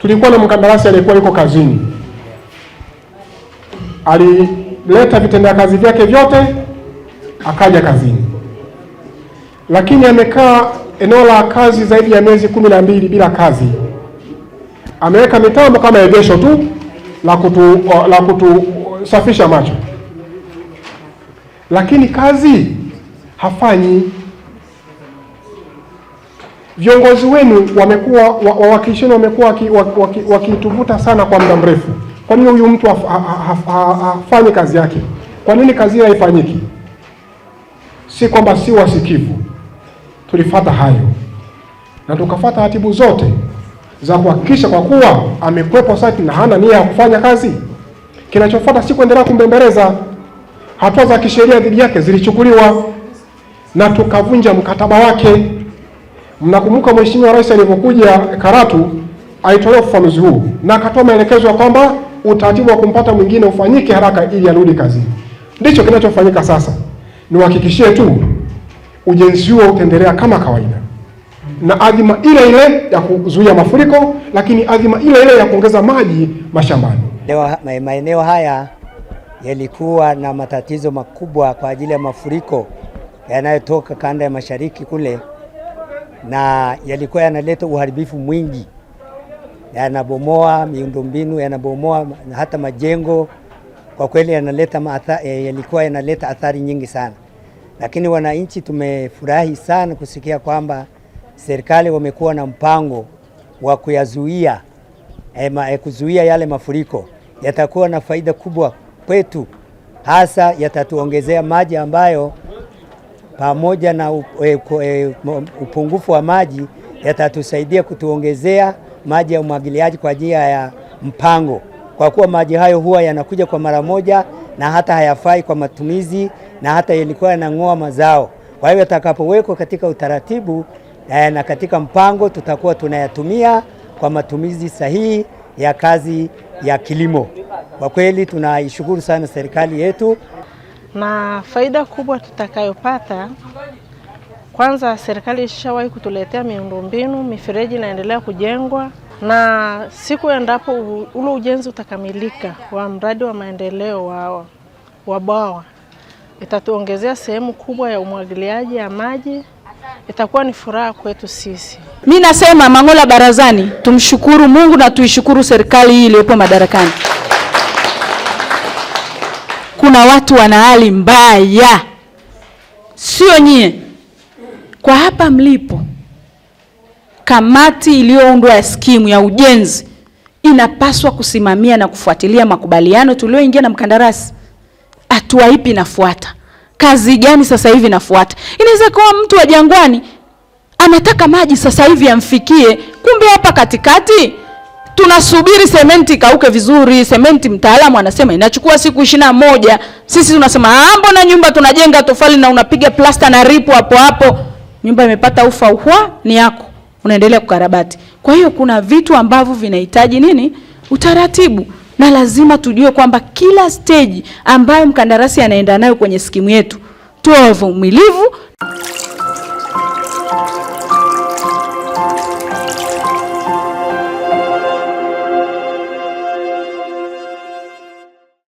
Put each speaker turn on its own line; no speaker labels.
Tulikuwa na mkandarasi aliyekuwa yuko kazini alileta vitendea kazi vyake vyote akaja kazini, lakini amekaa eneo la kazi zaidi ya miezi kumi na mbili bila kazi. Ameweka mitambo kama egesho tu la kutu la kutusafisha macho, lakini kazi hafanyi. Viongozi wenu wamekuwa wawakilishi wamekuwa wakituvuta waki, waki sana kwa muda mrefu kwa nini huyu mtu hafanyi kazi yake? Kwa nini kazi hiyo haifanyiki? Si kwamba si wasikivu, tulifata hayo na tukafata hatibu zote za kuhakikisha kwa kuwa amekwepo site na hana nia ya kufanya kazi, kinachofuata si kuendelea kumbembeleza. Hatua za kisheria dhidi yake zilichukuliwa na tukavunja mkataba wake. Mnakumbuka Mheshimiwa Rais alivyokuja Karatu, alitoa ufafanuzi huu na akatoa maelekezo ya kwamba utaratibu wa kumpata mwingine ufanyike haraka ili arudi kazini. Ndicho kinachofanyika sasa. Niwahakikishie tu ujenzi huo utaendelea kama kawaida na adhima ile ile ya kuzuia mafuriko, lakini adhima ile ile ya kuongeza maji mashambani.
Maeneo haya yalikuwa na matatizo makubwa kwa ajili ya mafuriko yanayotoka kanda ya mashariki kule, na yalikuwa yanaleta uharibifu mwingi yanabomoa miundombinu, yanabomoa hata majengo. Kwa kweli yanaleta eh, yalikuwa yanaleta athari nyingi sana, lakini wananchi tumefurahi sana kusikia kwamba serikali wamekuwa na mpango wa kuyazuia eh, ma, eh, kuzuia yale mafuriko. Yatakuwa na faida kubwa kwetu, hasa yatatuongezea maji ambayo pamoja na upungufu wa maji yatatusaidia kutuongezea maji ya umwagiliaji kwa njia ya mpango, kwa kuwa maji hayo huwa yanakuja kwa mara moja na hata hayafai kwa matumizi na hata yalikuwa yanang'oa mazao. Kwa hiyo yatakapowekwa katika utaratibu eh, na katika mpango, tutakuwa tunayatumia kwa matumizi sahihi ya kazi ya kilimo. Kwa kweli tunaishukuru sana serikali yetu,
na faida kubwa tutakayopata kwanza serikali ishawahi kutuletea miundombinu, mifereji inaendelea kujengwa, na siku endapo ule ujenzi utakamilika wa mradi wa maendeleo wa, wa bwawa itatuongezea sehemu kubwa ya umwagiliaji ya maji, itakuwa ni furaha kwetu sisi.
mi nasema Mang'ola Barazani, tumshukuru Mungu na tuishukuru serikali hii iliyopo madarakani. Kuna watu wana hali mbaya, sio nyie kwa hapa mlipo, kamati iliyoundwa ya skimu ya ujenzi inapaswa kusimamia na kufuatilia makubaliano tulioingia na mkandarasi. Hatua ipi nafuata? Kazi gani sasa hivi nafuata? Inaweza kuwa mtu wa Jangwani anataka maji sasa hivi yamfikie, kumbe hapa katikati tunasubiri sementi kauke vizuri. Sementi mtaalamu anasema inachukua siku ishirini na moja. Sisi tunasema ah, mbona nyumba tunajenga tofali na unapiga plasta na ripu hapo hapo nyumba imepata ufa uhwa, ni yako, unaendelea kukarabati. Kwa hiyo kuna vitu ambavyo vinahitaji nini, utaratibu, na lazima tujue kwamba kila stage ambayo mkandarasi anaenda nayo kwenye skimu yetu tuwe wavumilivu.